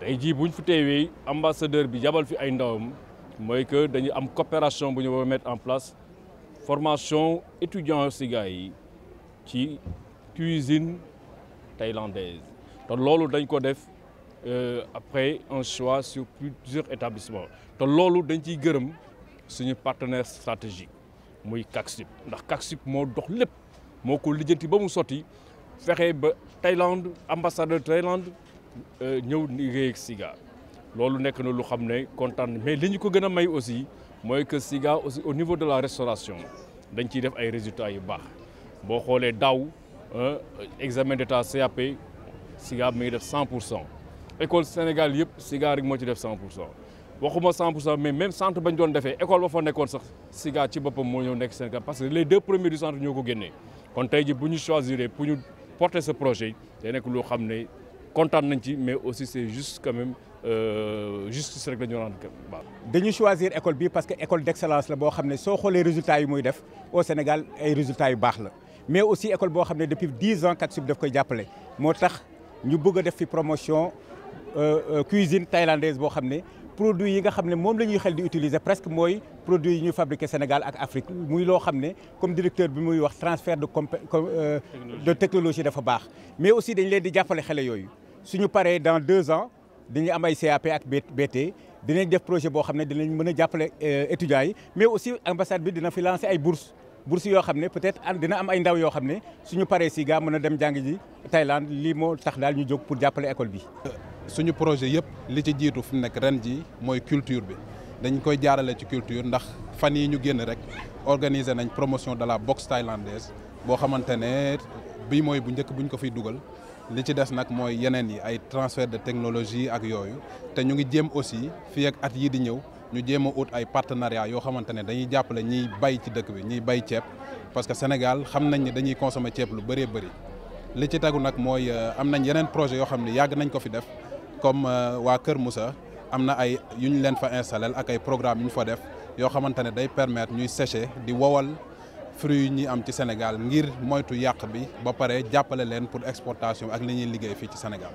tey jii bu ñu fi teewee ambassadeur bi yabal fi ay ndawam mooy que dañu am coopération bu ñu mettre en place formation étudiants si gars yi ci cuisine thaïlandaise te loolu dañ ko def euh, après un choix sur plusieurs établissements te loolu dañ ciy gërëm suñu partenaire stratégique muy CACSIP ndax CACSIP moo dox lépp moo ko lijjanti ba mu ba Thaïlande ambassadeur Thaïlande ñëw ni réek SIGA loolu nekk na lu xam ne kontaan mais li ñu ko gën a may aussi mooy que SIGA aussi au niveau de la restauration dañ ciy def ay résultats yu baax boo xoolee daw euh, examen d'état CAP SIGA mi ngi def 100 pour cent école Sénégal yëpp SIGA rek moo ci def 100 pour cent waxuma 100 pour cent mais même centre bañ doon defee école ba fa nekkoon sax SIGA ci boppam moo ñëw nekk Sénégal parce que les deux premiers du centre ñoo ko génnee kon tey ji bu ñu choisir pour ñu porter ce projet day nekk loo xam ne kontaan nañ ci mais aussi c'est juste quand même euh, juste ce ñu rendre waaw. choisir école bi parce que école d'excellence, excellence la boo xam ne soo résultats yi muy def au Sénégal ay résultats yu baax la mais aussi école boo xam depuis dix ans Katsub daf koy jàppale moo tax ñu bëgg a fi promotion euh, euh, cuisine thaïlandaise boo produits yi nga xam ne moom xel di utiliser presque mooy produits yi ñuy Sénégal ak Afrique muy loo xam comme directeur bi muy wax transfert de euh, de technologie dafa mais aussi dañ leen di jàppale xale suñu paree dans deux ans dañuy am CAP ak BT dinañ def projet boo xam ne dinañ mën a jàppale euh, mais aussi ambassade bi dina fi ay bourses bourses yo xamné peut-être dina am ay ndaw yo xamné suñu paré si ga mëna dem jàng ji Thaïlande li mo tax dal ñu jog pour jappalé école bi. suñu projet yépp li ci jitu fi nek ren ji moy culture bi dañ koy jaarale ci culture ndax fan yi ñu génn rek organiser nañ promotion de la boxe thaïlandaise bo xamante ne bii mooy bu njëkk buñ ko fiy duggal li ci dess nak moy yenen yi ay transfert de technologie ak yoyu te ñu ngi jëm aussi fi ak at yi di ñew ñu jëm a ay partenariat yo xamante dañuy jappalé ñi bay ci dëkk bi ñi bay ceeb parce que Sénégal xam nañ ni dañuy consommer ceeb lu bëré bëri li ci tagu nak moy euh, am nañ projet yo xam yag nañ ko fi def comme euh, wa Kër Moussa amna ay yuñ leen fa installé ak ay programme yu ñu fa def yo xamante day permettre ñuy sécher di wowal fruits yu ñuy am ci Sénégal ngir moytu yàq bi ba pare jàppale leen pour exportation ak li ñuy liggéey fii ci senegal